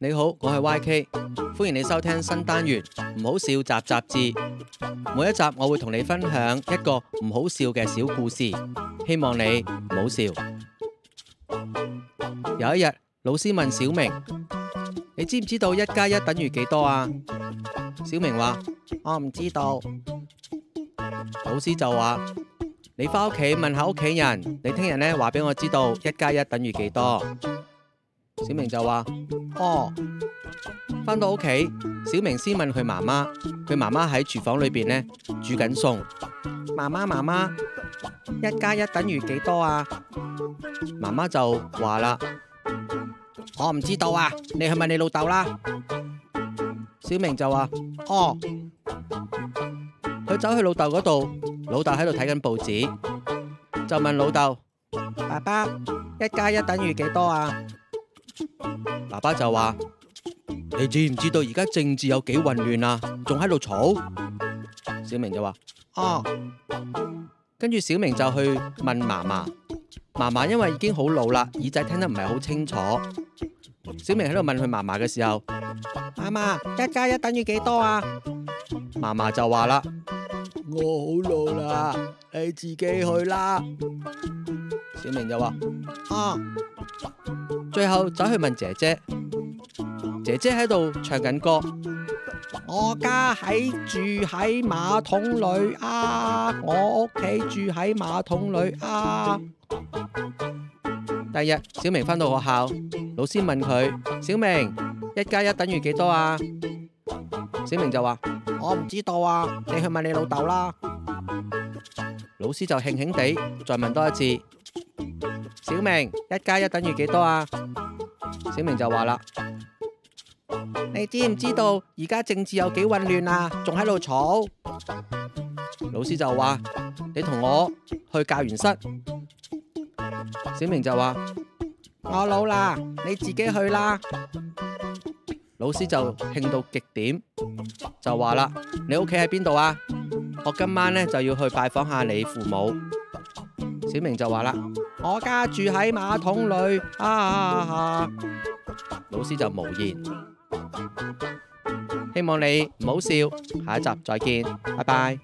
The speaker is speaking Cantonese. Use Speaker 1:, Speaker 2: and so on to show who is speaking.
Speaker 1: 你好，我係 YK，歡迎你收聽新單元《唔好笑集》雜誌。每一集我會同你分享一個唔好笑嘅小故事，希望你唔好笑。有一日，老師問小明：你知唔知道一加一等於幾多啊？小明話：我、哦、唔知道。老師就話：你翻屋企問，問下屋企人，你聽日呢話俾我知道一加一等於幾多。小明就話。哦，返到屋企，小明先問佢媽媽，佢媽媽喺廚房裏邊呢煮緊餸。媽媽媽媽，一加一等於幾多啊？媽媽就話啦，我唔知道啊，你去問你老豆啦。小明就話，哦，佢走去老豆嗰度，老豆喺度睇緊報紙，就問老豆，爸爸，一加一等於幾多啊？爸爸就話：你知唔知道而家政治有幾混亂啊？仲喺度吵。小明就話：啊！跟住小明就去問媽媽媽媽因為已經好老啦，耳仔聽得唔係好清楚。小明喺度問佢媽媽嘅時候，媽媽，一加一等於幾多啊？媽媽就話啦：我好老啦，你自己去啦。小明就話：啊！最後走去問姐姐，姐姐喺度唱緊歌。我家喺住喺馬桶裏啊，我屋企住喺馬桶裏啊。第日小明返到學校，老師問佢：小明，一加一等於幾多啊？小明就話：我唔知道啊，你去問你老豆啦。老師就輕輕地再問多一次。小明，一加一等於幾多啊？小明就話啦：，你知唔知道而家政治有幾混亂啊？仲喺度吵。老師就話：，你同我去教員室。小明就話：，我老啦，你自己去啦。老師就興到極點，就話啦：，你屋企喺邊度啊？我今晚呢，就要去拜訪下你父母。小明就話啦：，我家住喺馬桶裏啊，啊，啊，啊！老師就無言，希望你唔好笑，下一集再見，拜拜。